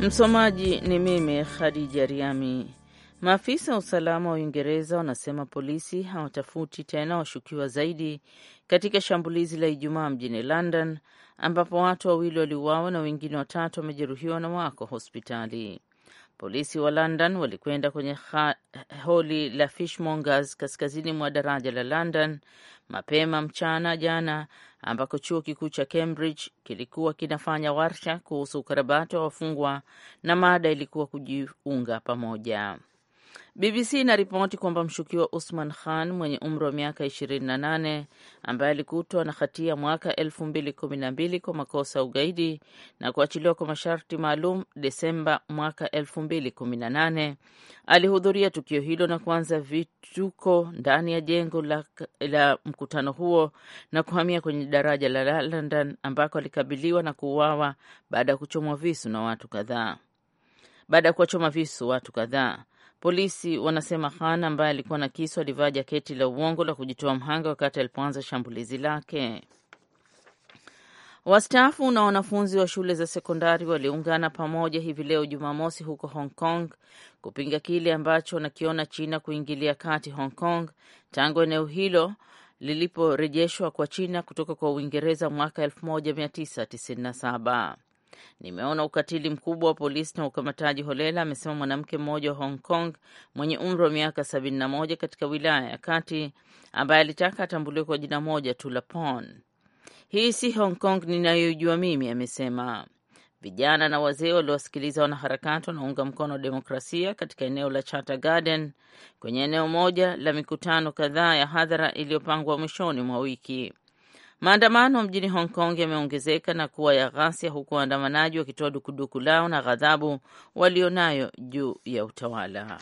Msomaji ni mimi Khadija Riami. Maafisa wa usalama wa Uingereza wanasema polisi hawatafuti tena washukiwa zaidi katika shambulizi la Ijumaa mjini London, ambapo watu wawili waliuawa na wengine watatu wamejeruhiwa na wako hospitali. Polisi wa London walikwenda kwenye holi la Fishmongers kaskazini mwa daraja la London mapema mchana jana ambako chuo kikuu cha Cambridge kilikuwa kinafanya warsha kuhusu ukarabati wa wafungwa na mada ilikuwa kujiunga pamoja. BBC inaripoti kwamba mshukiwa Usman Khan mwenye umri wa miaka 28 ambaye alikutwa na hatia mwaka 2012 kwa makosa ya ugaidi na kuachiliwa kwa masharti maalum Desemba mwaka 2018 alihudhuria tukio hilo na kuanza vituko ndani ya jengo la, la mkutano huo na kuhamia kwenye daraja la London ambako alikabiliwa na kuuawa baada ya kuchomwa visu na watu kadhaa baada ya kuwachoma visu watu kadhaa. Polisi wanasema Khan ambaye alikuwa na kisu alivaa jaketi la uongo la kujitoa mhanga wakati alipoanza shambulizi lake. Wastaafu na wanafunzi wa shule za sekondari waliungana pamoja hivi leo Jumamosi huko Hong Kong kupinga kile ambacho wanakiona China kuingilia kati Hong Kong tangu eneo hilo liliporejeshwa kwa China kutoka kwa Uingereza mwaka 1997. Nimeona ukatili mkubwa wa polisi na ukamataji holela, amesema mwanamke mmoja wa Hong Kong mwenye umri wa miaka moja katika wilaya ya kati ambaye alitaka atambuliwe kwa jina moja tu la Pon. Hii si Hong Kong ninayojua mimi, amesema. Vijana na wazee waliowasikiliza wanaharakati wanaunga mkono wa demokrasia katika eneo la Chata Garden kwenye eneo moja la mikutano kadhaa ya hadhara iliyopangwa mwishoni mwa wiki. Maandamano mjini Hong Kong yameongezeka na kuwa ya ghasia, huku waandamanaji wakitoa dukuduku lao na ghadhabu walionayo juu ya utawala.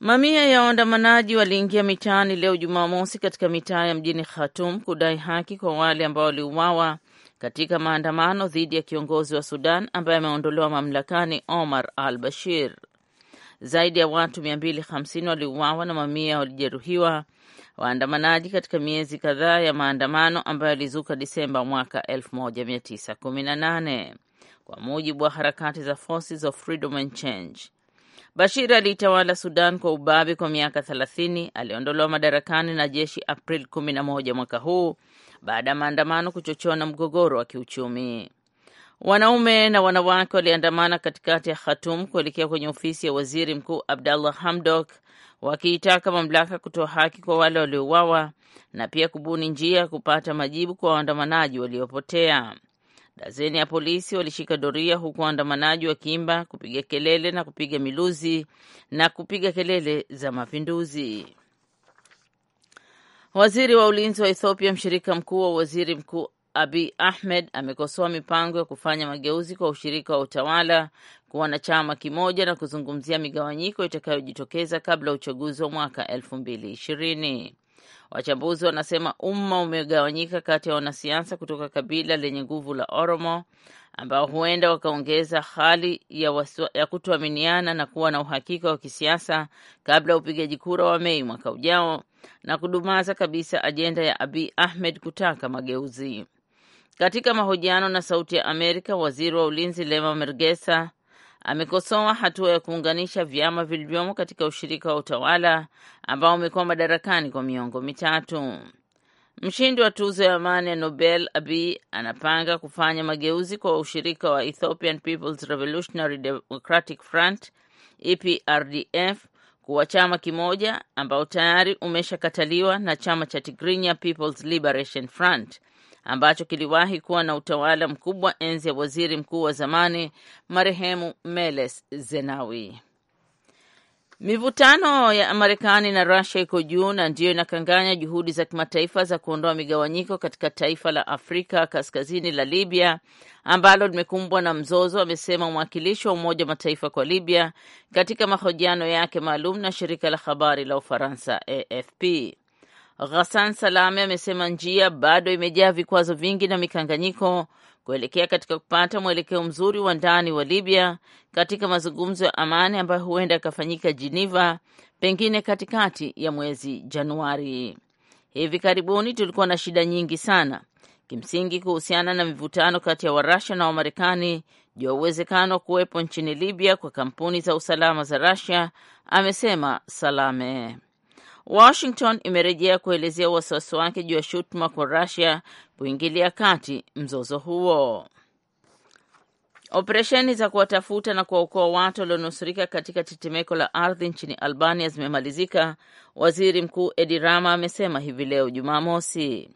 Mamia ya waandamanaji waliingia mitaani leo Jumamosi katika mitaa ya mjini Khartoum kudai haki kwa wale ambao waliuawa katika maandamano dhidi ya kiongozi wa Sudan ambaye ameondolewa mamlakani Omar al Bashir. Zaidi ya watu 250 waliuawa na mamia walijeruhiwa waandamanaji katika miezi kadhaa ya maandamano ambayo yalizuka Disemba mwaka 1918 kwa mujibu wa harakati za Forces of Freedom and Change. Bashir aliitawala Sudan kwa ubabe kwa miaka 30. Aliondolewa madarakani na jeshi April 11 mwaka huu baada ya maandamano kuchochewa na mgogoro wa kiuchumi. Wanaume na wanawake waliandamana katikati ya Khatum kuelekea kwenye ofisi ya waziri mkuu Abdallah Hamdok wakiitaka mamlaka kutoa haki kwa wale waliouawa na pia kubuni njia ya kupata majibu kwa waandamanaji waliopotea. Dazeni ya polisi walishika doria huku waandamanaji wakiimba, kupiga kelele na kupiga miluzi na kupiga kelele za mapinduzi. Waziri wa ulinzi wa Ethiopia, mshirika mkuu wa waziri mkuu abi Ahmed, amekosoa mipango ya kufanya mageuzi kwa ushirika wa utawala kuwa chama kimoja na kuzungumzia migawanyiko itakayojitokeza kabla ya uchaguzi wa mwaka elfu mbili ishirini. Wachambuzi wanasema umma umegawanyika kati ya wanasiasa kutoka kabila lenye nguvu la Oromo ambao huenda wakaongeza hali ya, ya kutoaminiana na kuwa na uhakika wa kisiasa kabla ya upigaji kura wa Mei mwaka ujao na kudumaza kabisa ajenda ya abi Ahmed kutaka mageuzi. Katika mahojiano na Sauti ya Amerika, waziri wa ulinzi Lema Mergesa amekosoa hatua ya kuunganisha vyama vilivyomo katika ushirika wa utawala ambao umekuwa madarakani kwa miongo mitatu. Mshindi wa tuzo ya amani ya Nobel Abiy anapanga kufanya mageuzi kwa ushirika wa Ethiopian People's Revolutionary Democratic Front EPRDF kuwa chama kimoja ambao tayari umeshakataliwa na chama cha Tigrinya People's Liberation Front ambacho kiliwahi kuwa na utawala mkubwa enzi ya waziri mkuu wa zamani marehemu Meles Zenawi. Mivutano ya Marekani na rasia iko juu na ndiyo inakanganya juhudi za kimataifa za kuondoa migawanyiko katika taifa la Afrika kaskazini la Libya ambalo limekumbwa na mzozo, amesema mwakilishi wa Umoja wa Mataifa kwa Libya katika mahojiano yake maalum na shirika la habari la Ufaransa AFP. Ghassan salame amesema njia bado imejaa vikwazo vingi na mikanganyiko kuelekea katika kupata mwelekeo mzuri wa ndani wa Libya katika mazungumzo ya amani ambayo huenda yakafanyika jiniva pengine katikati ya mwezi Januari. Hivi karibuni tulikuwa na shida nyingi sana kimsingi kuhusiana na mivutano kati ya Warusia na Wamarekani juu ya uwezekano wa kuwepo nchini Libya kwa kampuni za usalama za Rusia, amesema Salame. Washington imerejea kuelezea wasiwasi wake juu ya shutuma kwa Russia kuingilia kati mzozo huo. Operesheni za kuwatafuta na kuwaokoa watu walionusurika katika tetemeko la ardhi nchini Albania zimemalizika, waziri mkuu Edi Rama amesema hivi leo Jumamosi.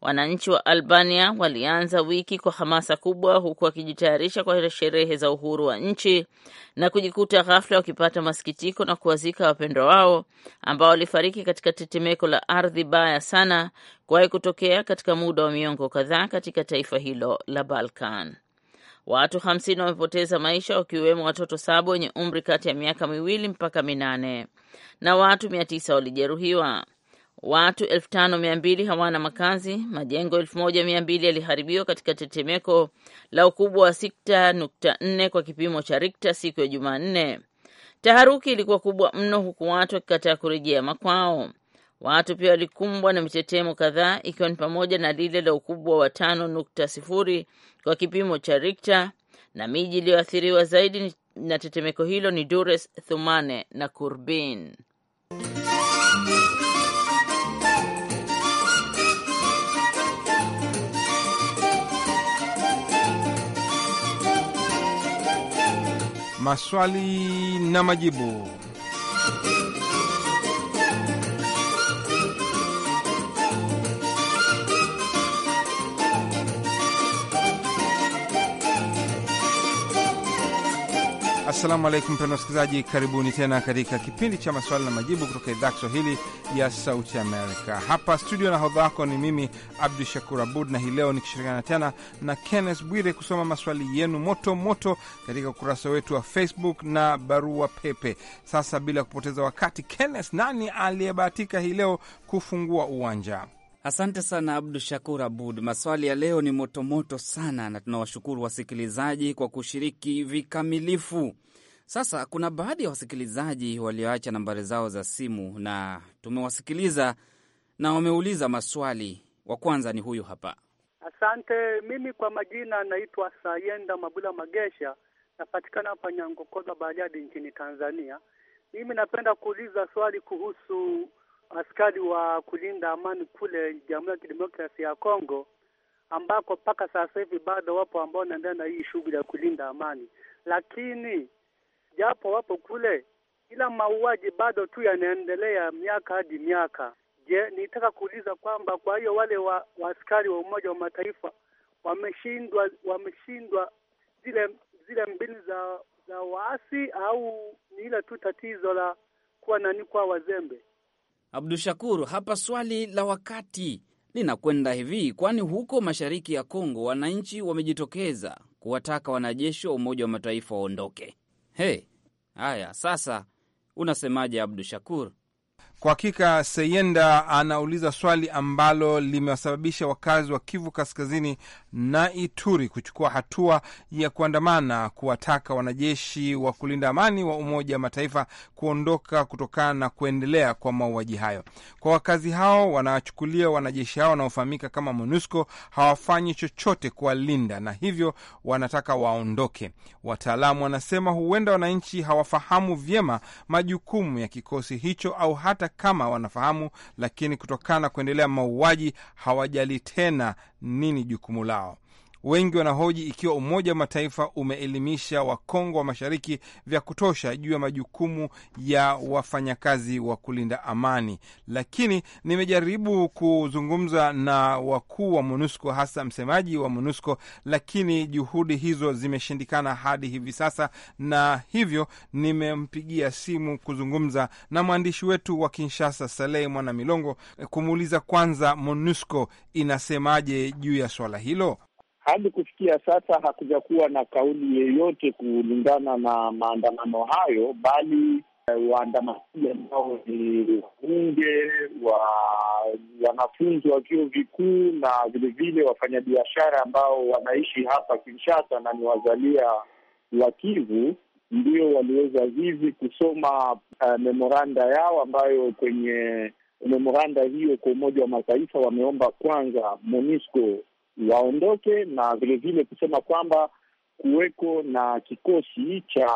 Wananchi wa Albania walianza wiki kwa hamasa kubwa, huku wakijitayarisha kwa sherehe za uhuru wa nchi na kujikuta ghafla wakipata masikitiko na kuwazika wapendwa wao ambao walifariki katika tetemeko la ardhi baya sana kuwahi kutokea katika muda wa miongo kadhaa katika taifa hilo la Balkan. Watu hamsini wamepoteza maisha wakiwemo watoto saba wenye umri kati ya miaka miwili mpaka minane na watu mia tisa walijeruhiwa. Watu elfu hawana makazi. Majengo 1200 yaliharibiwa katika tetemeko la ukubwa wa 6.4 kwa kipimo cha Rikta siku ya Jumanne. Taharuki ilikuwa kubwa mno, huku watu wakikataa kurejea makwao. Watu pia walikumbwa na mitetemo kadhaa, ikiwa ni pamoja na lile la ukubwa wa 5.0 kwa kipimo cha Rikta, na miji iliyoathiriwa zaidi na tetemeko hilo ni Dures, Thumane na Kurbin. maswali na majibu. Assalamu alaikum, mpendwa msikilizaji, karibuni tena katika kipindi cha maswali na majibu kutoka idhaa Kiswahili ya Sauti Amerika. Hapa studio, hodha wako ni mimi Abdu Shakur Abud, na hii leo nikishirikiana tena na Kenneth Bwire kusoma maswali yenu moto moto katika ukurasa wetu wa Facebook na barua pepe. Sasa bila kupoteza wakati, Kenneth, nani aliyebahatika hii leo kufungua uwanja? Asante sana Abdu Shakur Abud. Maswali ya leo ni motomoto sana, na tunawashukuru wasikilizaji kwa kushiriki vikamilifu. Sasa kuna baadhi ya wasikilizaji walioacha nambari zao za simu na tumewasikiliza na wameuliza maswali. Wa kwanza ni huyu hapa. Asante. Mimi kwa majina naitwa Sayenda Mabula Magesha, napatikana hapa Nyangokoza Bariadi nchini Tanzania. Mimi napenda kuuliza swali kuhusu askari wa kulinda amani kule Jamhuri ya Kidemokrasia ya Kongo, ambako mpaka sasa hivi bado wapo ambao wanaendelea na hii shughuli ya kulinda amani, lakini japo wapo kule, ila mauaji bado tu yanaendelea miaka hadi miaka. Je, nitaka kuuliza kwamba kwa hiyo wale wa askari wa Umoja wa Mataifa wameshindwa wameshindwa zile zile mbinu za za waasi, au ni ile tu tatizo la kuwa nani kwa wazembe? Abdu Shakur, hapa swali la wakati linakwenda hivi, kwani huko mashariki ya Kongo wananchi wamejitokeza kuwataka wanajeshi wa Umoja wa Mataifa waondoke. Hey, haya sasa, unasemaje Abdu Shakur? Kwa hakika Seyenda anauliza swali ambalo limewasababisha wakazi wa Kivu Kaskazini na Ituri kuchukua hatua ya kuandamana kuwataka wanajeshi wa kulinda amani wa Umoja wa Mataifa kuondoka kutokana na kuendelea kwa mauaji hayo. Kwa wakazi hao, wanawachukulia wanajeshi hao wanaofahamika kama MONUSCO hawafanyi chochote kuwalinda na hivyo wanataka waondoke. Wataalamu wanasema huenda wananchi hawafahamu vyema majukumu ya kikosi hicho au hata hata kama wanafahamu, lakini kutokana na kuendelea mauaji hawajali tena nini jukumu lao. Wengi wanahoji ikiwa Umoja wa Mataifa umeelimisha Wakongo wa mashariki vya kutosha juu ya majukumu ya wafanyakazi wa kulinda amani, lakini nimejaribu kuzungumza na wakuu wa MONUSCO, hasa msemaji wa MONUSCO, lakini juhudi hizo zimeshindikana hadi hivi sasa, na hivyo nimempigia simu kuzungumza na mwandishi wetu wa Kinshasa, Saleh Mwana Milongo, kumuuliza kwanza MONUSCO inasemaje juu ya swala hilo hadi kufikia sasa hakuja kuwa na kauli yeyote kulingana na maandamano hayo, bali eh, waandamanaji ambao ni wabunge wa wanafunzi wa vyuo vikuu na vilevile wafanyabiashara ambao wanaishi hapa Kinshasa na ni wazalia wa Kivu ndio waliweza hivi kusoma uh, memoranda yao ambayo kwenye memoranda hiyo kwa Umoja wa Mataifa wameomba kwanza MONUSCO waondoke na vilevile kusema kwamba kuweko na kikosi cha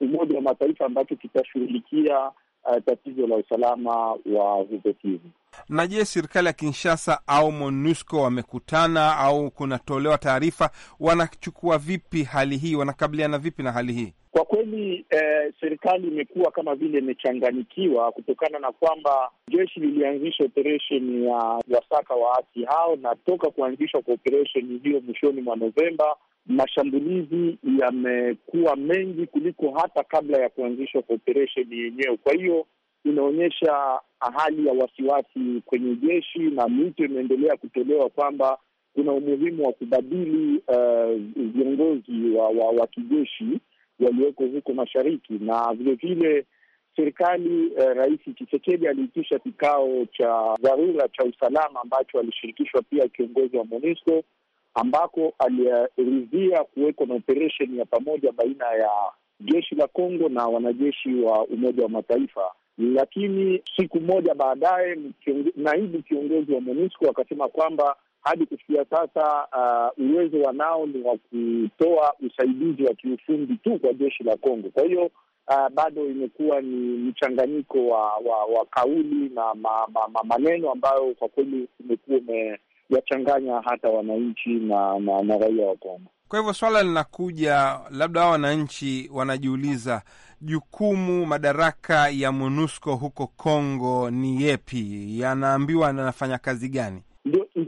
Umoja wa Mataifa ambacho kitashughulikia uh, tatizo la usalama wa huko Kivu. Na je, serikali ya Kinshasa au MONUSCO wamekutana au kunatolewa taarifa? Wanachukua vipi hali hii? Wanakabiliana vipi na hali hii? Kwa kweli eh, serikali imekuwa kama vile imechanganyikiwa kutokana na kwamba jeshi lilianzisha operesheni ya wasaka waasi hao, na toka kuanzishwa kwa operesheni hiyo mwishoni mwa Novemba, mashambulizi yamekuwa mengi kuliko hata kabla ya kuanzishwa kwa operesheni yenyewe. Kwa hiyo inaonyesha hali ya wasiwasi kwenye jeshi, na mwito imeendelea kutolewa kwamba kuna umuhimu wa kubadili eh, viongozi uh, wa, wa, wa kijeshi yaliyoko huko mashariki, na vilevile serikali eh, Rais Chisekedi aliitisha kikao cha dharura cha usalama ambacho alishirikishwa pia kiongozi wa MONUSCO ambako aliridhia kuwekwa na operesheni ya pamoja baina ya jeshi la Kongo na wanajeshi wa Umoja wa Mataifa. Lakini siku moja baadaye naibu kiongozi wa MONUSCO akasema kwamba hadi kufikia sasa uh, uwezo wanao ni wa kutoa usaidizi wa kiufundi tu kwa jeshi la Kongo. Kwa hiyo uh, bado imekuwa ni mchanganyiko wa, wa, wa kauli na ma, ma, ma, maneno ambayo kwa kweli imekuwa imeyachanganya hata wananchi na, na, na raia wa Kongo. Kwa hivyo swala linakuja, labda hao wananchi wanajiuliza jukumu madaraka ya MONUSCO huko Kongo ni yepi? Yanaambiwa anafanya kazi gani?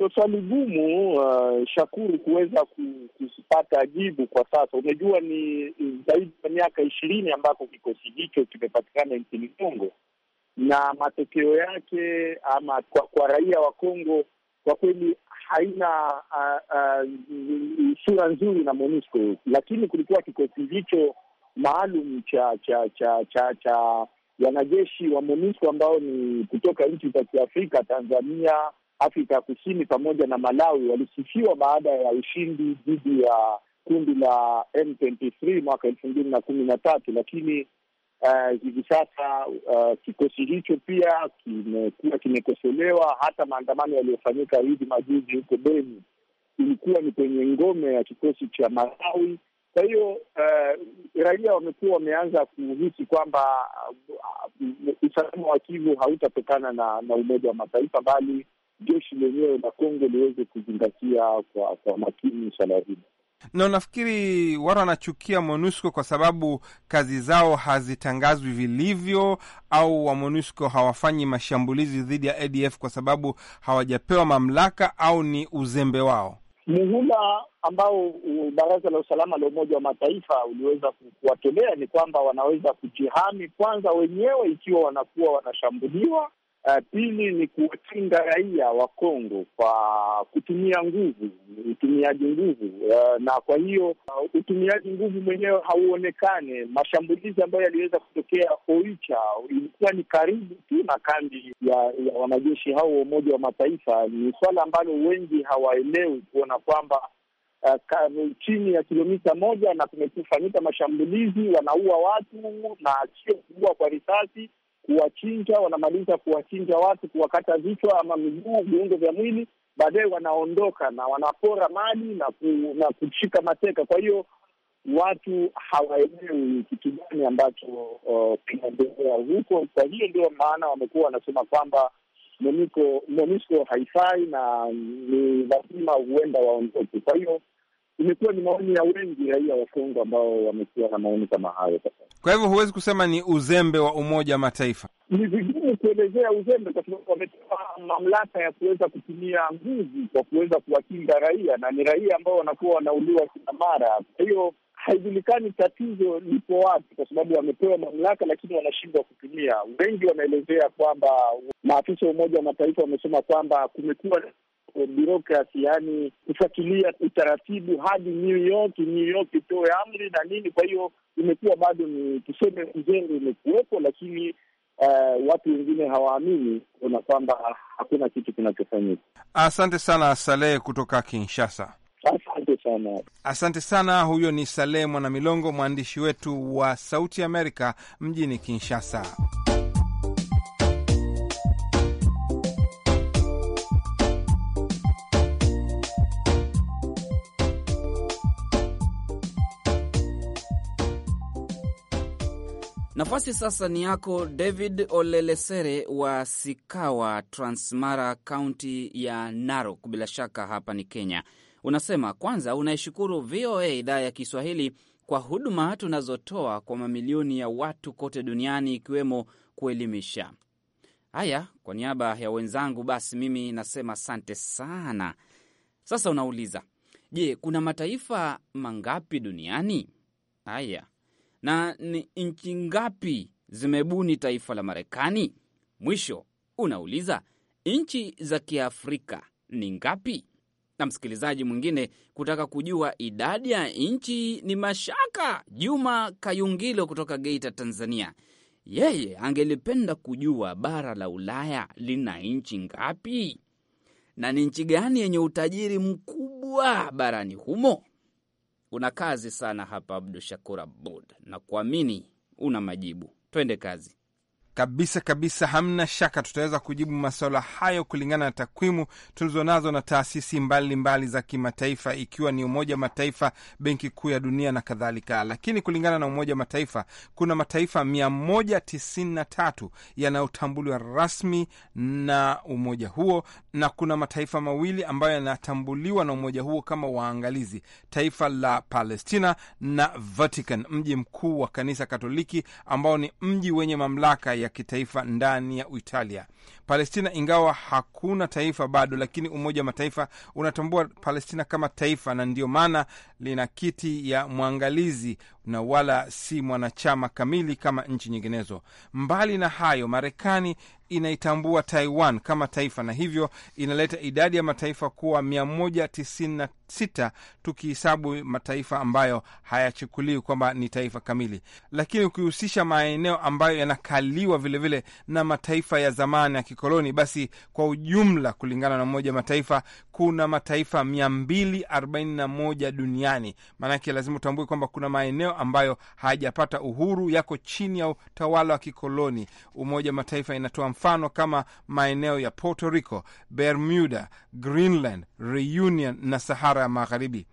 ndio swali gumu uh, Shakuru, kuweza kupata jibu kwa sasa. Umejua ni zaidi ya miaka ishirini ambako kikosi hicho kimepatikana nchini Kongo na matokeo yake ama kwa, kwa raia wa Kongo kwa kweli haina uh, uh, sura nzuri na MONUSCO, lakini kulikuwa kikosi hicho maalum cha cha cha cha cha wanajeshi wa MONUSCO ambao ni kutoka nchi za Kiafrika, Tanzania, Afrika ya Kusini pamoja na Malawi walisifiwa baada ya ushindi dhidi ya kundi la M23 mwaka elfu mbili na kumi na tatu, lakini eh, hivi uh, sasa uh, kikosi hicho pia kimekuwa kimekosolewa. Hata maandamano yaliyofanyika hivi majuzi huko Beni ilikuwa ni kwenye ngome ya kikosi cha Malawi. Kwa hiyo uh, raia wamekuwa wameanza kuhisi kwamba uh, usalama wa Kivu hautatokana na, na Umoja wa Mataifa bali jeshi lenyewe la Kongo liweze kuzingatia kwa kwa makini swala hili na unafikiri watu wanachukia MONUSCO kwa sababu kazi zao hazitangazwi vilivyo, au wa MONUSCO hawafanyi mashambulizi dhidi ya ADF kwa sababu hawajapewa mamlaka, au ni uzembe wao? Muhula ambao Baraza la Usalama la Umoja wa Mataifa uliweza kuwatolea ni kwamba wanaweza kujihami kwanza wenyewe ikiwa wanakuwa wanashambuliwa Eh, pili ni kuwakinga raia wa Kongo kwa kutumia nguvu, utumiaji nguvu. Eh, na kwa hiyo eh, utumiaji nguvu mwenyewe hauonekane. Mashambulizi ambayo yaliweza kutokea Oicha ilikuwa ni karibu tu na kambi ya, ya wanajeshi hao wa Umoja wa Mataifa. Ni swala ambalo wengi hawaelewi kuona kwamba Uh, chini ya kilomita moja na kumekufanyika mashambulizi, wanaua watu na sio kuua kwa risasi, kuwachinja, wanamaliza kuwachinja watu, kuwakata vichwa ama miguu, viungo vya mwili, baadaye wanaondoka na wanapora mali na, ku, na kushika mateka. Kwa hiyo watu hawaelewi kitu gani ambacho kinaendelea uh, huko. Kwa hiyo ndio maana wamekuwa wanasema kwamba MONUSCO haifai na ni lazima huenda waondoke. Kwa hiyo imekuwa ni maoni ya wengi raia wa Kongo ambao wamekuwa na maoni kama hayo. Kwa hivyo huwezi kusema ni uzembe wa Umoja wa Mataifa, ni vigumu kuelezea uzembe, kwa sababu wamepewa mamlaka ya kuweza kutumia nguvu kwa kuweza kuwakinga raia, na ni raia ambao wanakuwa wanauliwa kila mara. Kwa hiyo haijulikani tatizo lipo wapi, kwa sababu wamepewa mamlaka lakini wanashindwa kutumia. Wengi wanaelezea kwamba maafisa wa Umoja wa Mataifa wamesema kwamba kumekuwa Eh, birokrasi, yaani kufuatilia utaratibu hadi New York, New York itoe amri na nini. Kwa hiyo imekuwa bado ni tuseme, mjengo umekuwepo, lakini Uh, watu wengine hawaamini kuona kwamba hakuna kitu kinachofanyika. Asante sana Saleh kutoka Kinshasa. Asante sana, asante sana. Huyo ni Saleh Mwanamilongo, mwandishi wetu wa Sauti Amerika mjini Kinshasa. Nafasi sasa ni yako David Olelesere wa Sikawa, Transmara, kaunti ya Narok, bila shaka hapa ni Kenya. Unasema kwanza unaishukuru VOA idhaa ya Kiswahili kwa huduma tunazotoa kwa mamilioni ya watu kote duniani ikiwemo kuelimisha. Haya, kwa niaba ya wenzangu basi mimi nasema asante sana. Sasa unauliza, je, kuna mataifa mangapi duniani? Haya, na ni nchi ngapi zimebuni taifa la Marekani? Mwisho unauliza nchi za Kiafrika ni ngapi? Na msikilizaji mwingine kutaka kujua idadi ya nchi ni mashaka. Juma Kayungilo kutoka Geita, Tanzania, yeye angelipenda kujua bara la Ulaya lina nchi ngapi na ni nchi gani yenye utajiri mkubwa barani humo. Una kazi sana hapa, Abdu Shakur Abud, na kuamini una majibu. Twende kazi. Kabisa kabisa, hamna shaka tutaweza kujibu masuala hayo kulingana na takwimu tulizonazo na taasisi mbalimbali mbali za kimataifa, ikiwa ni Umoja wa Mataifa, Benki Kuu ya Dunia na kadhalika. Lakini kulingana na Umoja wa Mataifa kuna mataifa 193 yanayotambuliwa rasmi na umoja huo, na kuna mataifa mawili ambayo yanatambuliwa na umoja huo kama waangalizi, taifa la Palestina na Vatican, mji mkuu wa kanisa Katoliki ambao ni mji wenye mamlaka ya kitaifa ndani ya uitalia Palestina, ingawa hakuna taifa bado, lakini Umoja wa Mataifa unatambua Palestina kama taifa, na ndiyo maana lina kiti ya mwangalizi na wala si mwanachama kamili kama nchi nyinginezo. Mbali na hayo, Marekani inaitambua Taiwan kama taifa na hivyo inaleta idadi ya mataifa kuwa 196 tukihesabu mataifa ambayo hayachukuliwi kwamba ni taifa kamili, lakini ukihusisha maeneo ambayo yanakaliwa vilevile na mataifa ya zamani ya kikoloni. Basi kwa ujumla, kulingana na Umoja Mataifa, kuna mataifa 241 duniani. Maanake lazima utambue kwamba kuna maeneo ambayo hayajapata uhuru, yako chini ya utawala wa kikoloni. Umoja Mataifa inatoa mfano kama maeneo ya Puerto Rico, Bermuda, Greenland, Reunion na Sahara ya Magharibi.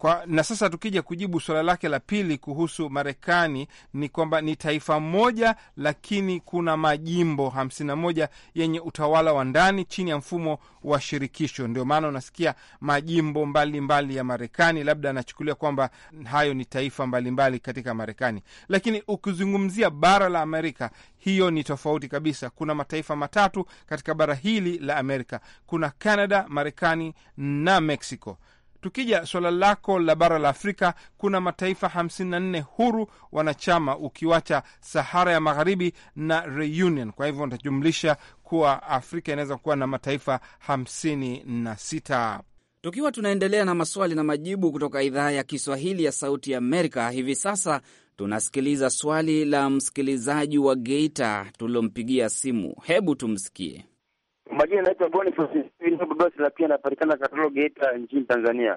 Kwa, na sasa tukija kujibu suala lake la pili kuhusu Marekani ni kwamba ni taifa moja, lakini kuna majimbo 51 yenye utawala wa ndani chini ya mfumo wa shirikisho. Ndio maana unasikia majimbo mbalimbali mbali ya Marekani, labda anachukulia kwamba hayo ni taifa mbalimbali mbali katika Marekani, lakini ukizungumzia bara la Amerika hiyo ni tofauti kabisa. Kuna mataifa matatu katika bara hili la Amerika, kuna Canada, Marekani na Mexico. Tukija suala lako la bara la Afrika, kuna mataifa 54 huru wanachama, ukiwacha Sahara ya Magharibi na Reunion. Kwa hivyo ntajumlisha kuwa Afrika inaweza kuwa na mataifa 56. Tukiwa tunaendelea na maswali na majibu kutoka idhaa ya Kiswahili ya Sauti ya Amerika, hivi sasa tunasikiliza swali la msikilizaji wa Geita tulilompigia simu. Hebu tumsikie. Majina naitwa Boniface Babasi na pia anapatikana Katoro Geita nchini Tanzania.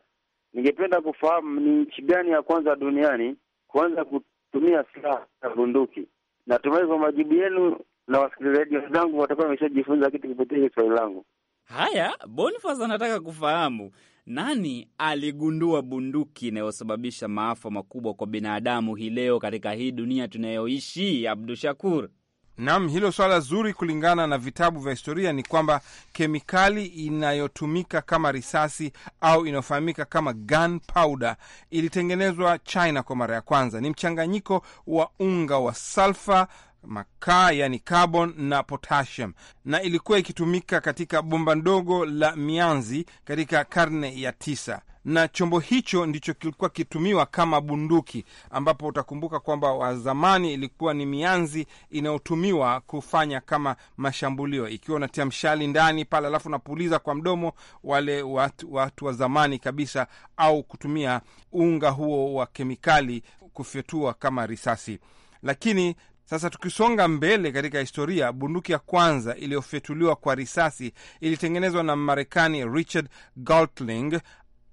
Ningependa kufahamu ni nchi gani ya kwanza duniani kuanza kutumia silaha za bunduki. Natumai kwa majibu yenu na wasikilizaji wenzangu watakuwa wameshajifunza kitu kupitia swali langu. Haya, Boniface anataka kufahamu nani aligundua bunduki inayosababisha maafa makubwa kwa binadamu hii leo katika hii dunia tunayoishi, Abdu Shakur? Naam, hilo swala zuri. Kulingana na vitabu vya historia ni kwamba kemikali inayotumika kama risasi au inayofahamika kama gunpowder ilitengenezwa China kwa mara ya kwanza. Ni mchanganyiko wa unga wa salfa makaa yani carbon na potassium, na ilikuwa ikitumika katika bomba ndogo la mianzi katika karne ya tisa na chombo hicho ndicho kilikuwa kitumiwa kama bunduki, ambapo utakumbuka kwamba wazamani ilikuwa ni mianzi inayotumiwa kufanya kama mashambulio, ikiwa unatia mshali ndani pale, alafu unapuliza kwa mdomo wale watu, watu wa zamani kabisa, au kutumia unga huo wa kemikali kufyatua kama risasi. Lakini sasa tukisonga mbele katika historia, bunduki ya kwanza iliyofyatuliwa kwa risasi ilitengenezwa na Marekani Richard Gatling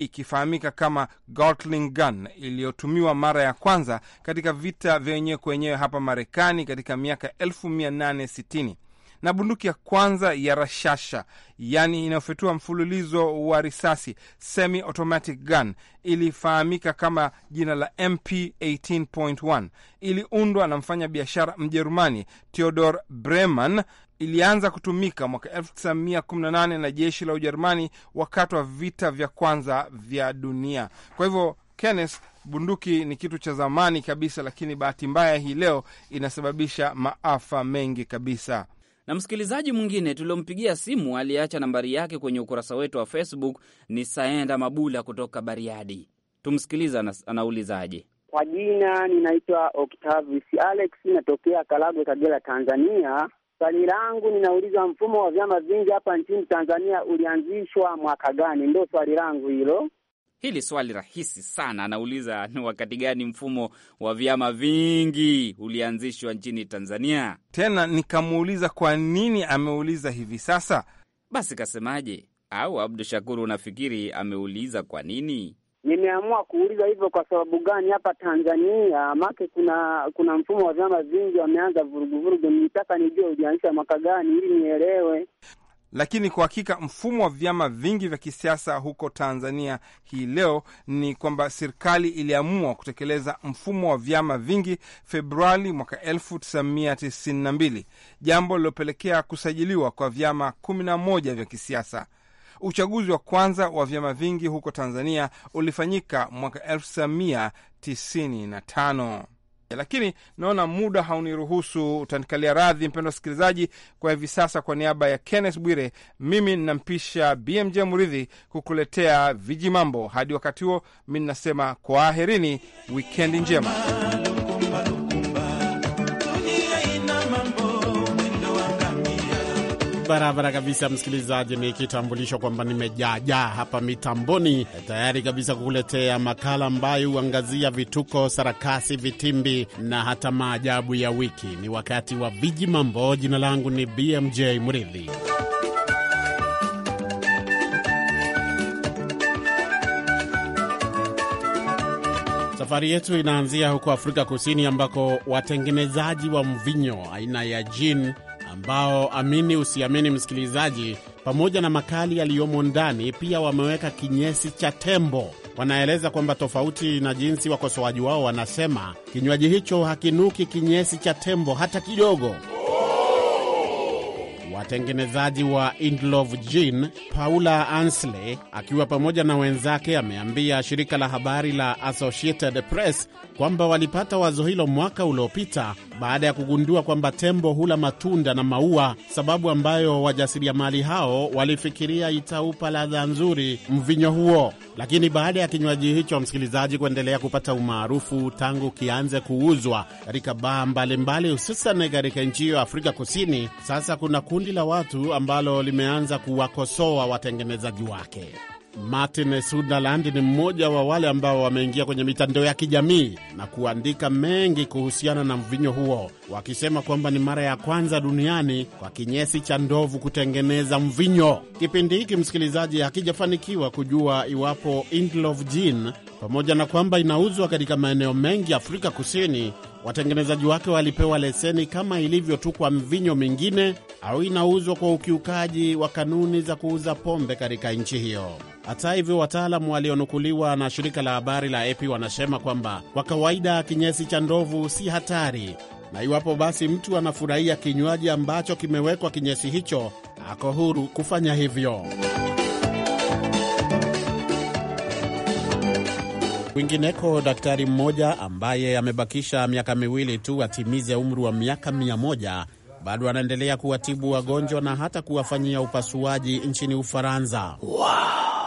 ikifahamika kama Gatling gun iliyotumiwa mara ya kwanza katika vita vya wenyewe kwa wenyewe hapa Marekani katika miaka 1860 na bunduki ya kwanza ya rashasha yaani inayofetua mfululizo wa risasi semi automatic gun ilifahamika kama jina la MP 18.1 iliundwa na mfanya biashara Mjerumani Theodor Breman ilianza kutumika mwaka 1918 na jeshi la Ujerumani wakati wa vita vya kwanza vya dunia. Kwa hivyo Kenneth, bunduki ni kitu cha zamani kabisa, lakini bahati mbaya hii leo inasababisha maafa mengi kabisa. Na msikilizaji mwingine tuliompigia simu aliyeacha nambari yake kwenye ukurasa wetu wa Facebook ni Saenda Mabula kutoka Bariadi. Tumsikiliza, anaulizaje? Kwa jina ninaitwa Octavius Alex, natokea Karagwe, Kagera, Tanzania. Swali langu ninauliza, mfumo wa vyama vingi hapa nchini Tanzania ulianzishwa mwaka gani? Ndio swali langu hilo. Hili swali rahisi sana. Anauliza ni wakati gani mfumo wa vyama vingi ulianzishwa nchini Tanzania. Tena nikamuuliza kwa nini ameuliza hivi sasa. Basi kasemaje? Au Abdu Shakuru, unafikiri ameuliza kwa nini? Nimeamua kuuliza hivyo kwa sababu gani hapa Tanzania, make kuna kuna mfumo wa vyama vingi wameanza vuruguvurugu. Nilitaka nijue ulianzisha mwaka gani ili nielewe. Lakini kwa hakika mfumo wa vyama vingi vya kisiasa huko Tanzania hii leo ni kwamba serikali iliamua kutekeleza mfumo wa vyama vingi Februari mwaka 1992, jambo lililopelekea kusajiliwa kwa vyama 11 vya kisiasa. Uchaguzi wa kwanza wa vyama vingi huko Tanzania ulifanyika mwaka 1995 lakini naona muda hauniruhusu, utanikalia radhi mpendwa msikilizaji. Kwa hivi sasa, kwa niaba ya Kenneth Bwire, mimi ninampisha BMJ Muridhi kukuletea viji mambo. Hadi wakati huo, mi ninasema kwaherini, wikendi njema. barabara kabisa, msikilizaji, ni kitambulisho kwamba nimejaajaa hapa mitamboni tayari kabisa kukuletea makala ambayo huangazia vituko, sarakasi, vitimbi na hata maajabu ya wiki. Ni wakati wa viji mambo. Jina langu ni BMJ Mridhi. Safari yetu inaanzia huko Afrika Kusini ambako watengenezaji wa mvinyo aina ya jin ambao amini usiamini, msikilizaji, pamoja na makali yaliyomo ndani, pia wameweka kinyesi cha tembo. Wanaeleza kwamba tofauti na jinsi wakosoaji wao wanasema, kinywaji hicho hakinuki kinyesi cha tembo hata kidogo. Watengenezaji wa Indlove Gin, Paula Ansley akiwa pamoja na wenzake ameambia shirika la habari la Associated Press kwamba walipata wazo hilo mwaka uliopita baada ya kugundua kwamba tembo hula matunda na maua, sababu ambayo wajasiriamali hao walifikiria itaupa ladha nzuri mvinyo huo. Lakini baada ya kinywaji hicho, msikilizaji, kuendelea kupata umaarufu tangu kianze kuuzwa katika baa mbalimbali, hususan katika nchi hiyo ya Afrika Kusini, sasa kuna kundi la watu ambalo limeanza kuwakosoa watengenezaji wake. Martin Sunderland ni mmoja wa wale ambao wameingia kwenye mitandao ya kijamii na kuandika mengi kuhusiana na mvinyo huo, wakisema kwamba ni mara ya kwanza duniani kwa kinyesi cha ndovu kutengeneza mvinyo. Kipindi hiki, msikilizaji, hakijafanikiwa kujua iwapo indlov Gin, pamoja na kwamba inauzwa katika maeneo mengi Afrika Kusini, watengenezaji wake walipewa leseni kama ilivyo tu kwa mvinyo mingine, au inauzwa kwa ukiukaji wa kanuni za kuuza pombe katika nchi hiyo. Hata hivyo, wataalamu walionukuliwa na shirika la habari la ep wanasema kwamba kwa kawaida kinyesi cha ndovu si hatari, na iwapo basi mtu anafurahia kinywaji ambacho kimewekwa kinyesi hicho, ako huru kufanya hivyo. Kwingineko, daktari mmoja ambaye amebakisha miaka miwili tu atimize umri wa miaka mia moja bado anaendelea kuwatibu wagonjwa na hata kuwafanyia upasuaji nchini Ufaransa. Wow.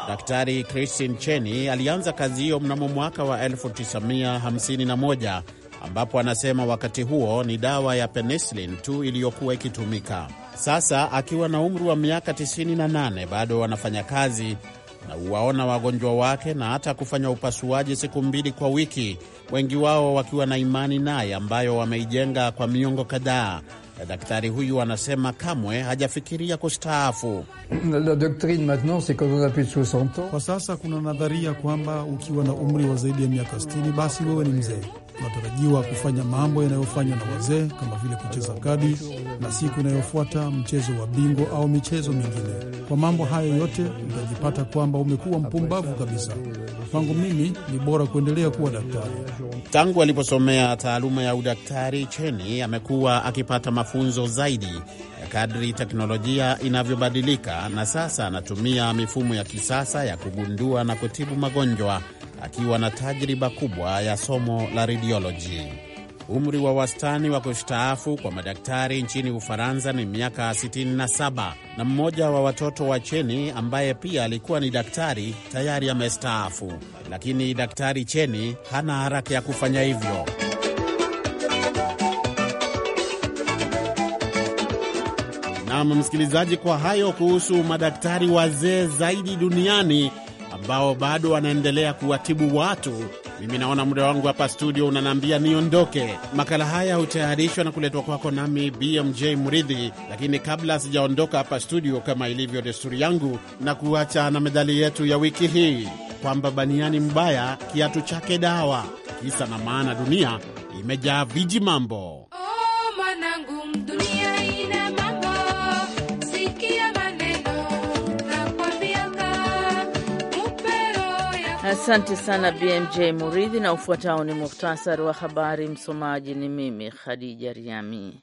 Daktari Christine Cheni alianza kazi hiyo mnamo mwaka wa 1951 ambapo anasema wakati huo ni dawa ya penicillin tu iliyokuwa ikitumika. Sasa akiwa na umri wa miaka 98 bado anafanya kazi na huwaona wagonjwa wake na hata kufanya upasuaji siku mbili kwa wiki, wengi wao wakiwa na imani naye ambayo wameijenga kwa miongo kadhaa. Na daktari huyu anasema kamwe hajafikiria kustaafu. Kwa sasa kuna nadharia kwamba ukiwa na umri wa zaidi ya miaka 60 basi wewe ni mzee tunatarajiwa kufanya mambo yanayofanywa na wazee kama vile kucheza kadi na siku inayofuata mchezo wa bingo au michezo mingine. Kwa mambo hayo yote utajipata kwamba umekuwa mpumbavu kabisa. Kwangu mimi ni bora kuendelea kuwa daktari. Tangu aliposomea taaluma ya udaktari, Cheni amekuwa akipata mafunzo zaidi ya kadri teknolojia inavyobadilika, na sasa anatumia mifumo ya kisasa ya kugundua na kutibu magonjwa akiwa na tajriba kubwa ya somo la radioloji Umri wa wastani wa kustaafu kwa madaktari nchini Ufaransa ni miaka 67, na mmoja wa watoto wa Cheni ambaye pia alikuwa ni daktari tayari amestaafu, lakini Daktari Cheni hana haraka ya kufanya hivyo. Nam msikilizaji, kwa hayo kuhusu madaktari wazee zaidi duniani ambao bado wanaendelea kuwatibu watu. Mimi naona muda wangu hapa studio unanaambia niondoke. Makala haya hutayarishwa na kuletwa kwako nami BMJ Mridhi, lakini kabla sijaondoka hapa studio, kama ilivyo desturi yangu, na kuacha na medali yetu ya wiki hii kwamba baniani mbaya kiatu chake dawa. Kisa na maana, dunia imejaa viji mambo. Oh, manangu, dunia ina Asante sana BMJ Muridhi, na ufuatao ni muhtasari wa habari. Msomaji ni mimi Khadija Riami.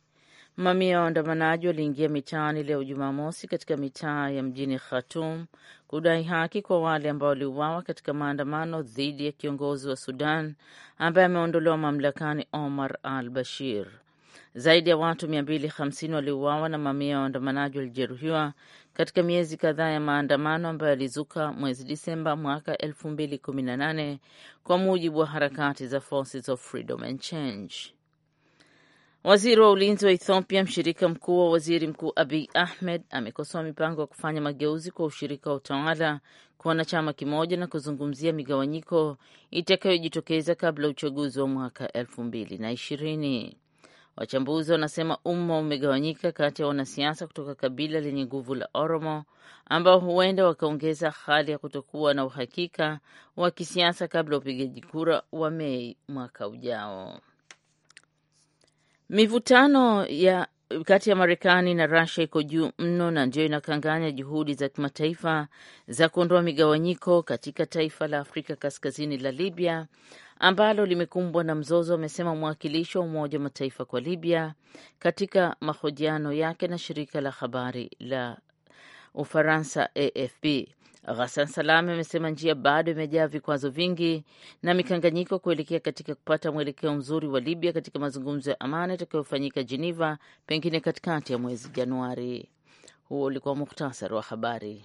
Mamia ya waandamanaji waliingia mitaani leo Jumamosi katika mitaa ya mjini Khartoum kudai haki kwa wale ambao waliuawa katika maandamano dhidi ya kiongozi wa Sudan ambaye ameondolewa mamlakani Omar al Bashir. Zaidi ya watu 250 waliuawa na mamia ya waandamanaji walijeruhiwa katika miezi kadhaa ya maandamano ambayo yalizuka mwezi Disemba mwaka 2018 kwa mujibu wa harakati za Forces of Freedom and Change. Waziri wa ulinzi wa Ethiopia, mshirika mkuu wa waziri mkuu Abiy Ahmed, amekosoa mipango ya kufanya mageuzi kwa ushirika wa utawala kuwa na chama kimoja na kuzungumzia migawanyiko itakayojitokeza kabla ya uchaguzi wa mwaka elfu mbili na ishirini. Wachambuzi wanasema umma umegawanyika kati ya wanasiasa kutoka kabila lenye nguvu la Oromo ambao huenda wakaongeza hali ya kutokuwa na uhakika wa kisiasa kabla ya upigaji kura wa Mei mwaka ujao. Mivutano ya kati ya Marekani na rasia iko juu mno na ndiyo inakanganya juhudi za kimataifa za kuondoa migawanyiko katika taifa la Afrika Kaskazini la Libya ambalo limekumbwa na mzozo, amesema mwakilishi wa Umoja wa Mataifa kwa Libya katika mahojiano yake na shirika la habari la Ufaransa AFP. Ghassan Salame amesema njia bado imejaa vikwazo vingi na mikanganyiko kuelekea katika kupata mwelekeo mzuri wa Libya katika mazungumzo ya amani yatakayofanyika Geneva, pengine katikati ya mwezi Januari. Huo ulikuwa muhtasari wa habari.